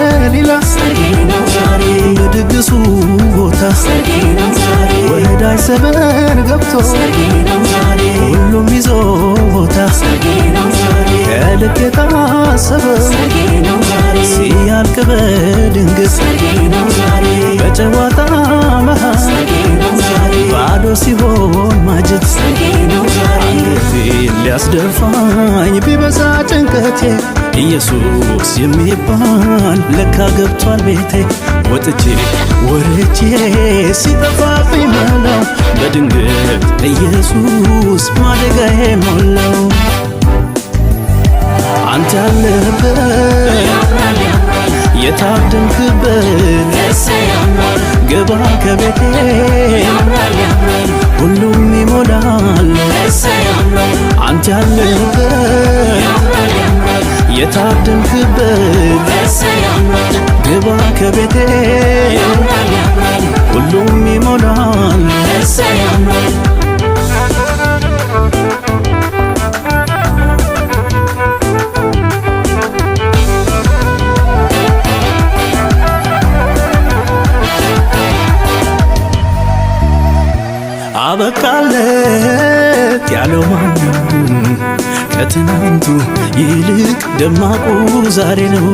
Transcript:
ከሌላ በድግሱ ቦታ ወዳጅ ሰበን ገብቶ ሁሉም ይዞ ቦታ ከልክ የታሰበ ሲያልቅ በድንገት በጨዋታ መሃል ባዶ ሲሆን ማጀት አንገቴን ሊያስደፋኝ ቢበዛ ጭንቀቴ ኢየሱስ የሚባል ለካ ገብቷል ቤቴ ወጥቼ ወርቼ ሲጠፋብኝ መላው በድንገት ኢየሱስ ማደጋዬ ሞላው አንተ ያለህበት የታደምክበት ገባ ከቤቴ ሁሉም ይሞላ የታደንክበት ግባ ከቤቴ ሁሉም ይሞላል አበቃለት ያለው ማንም ከትናንቱ ይልቅ ደማቁ ዛሬ ነው።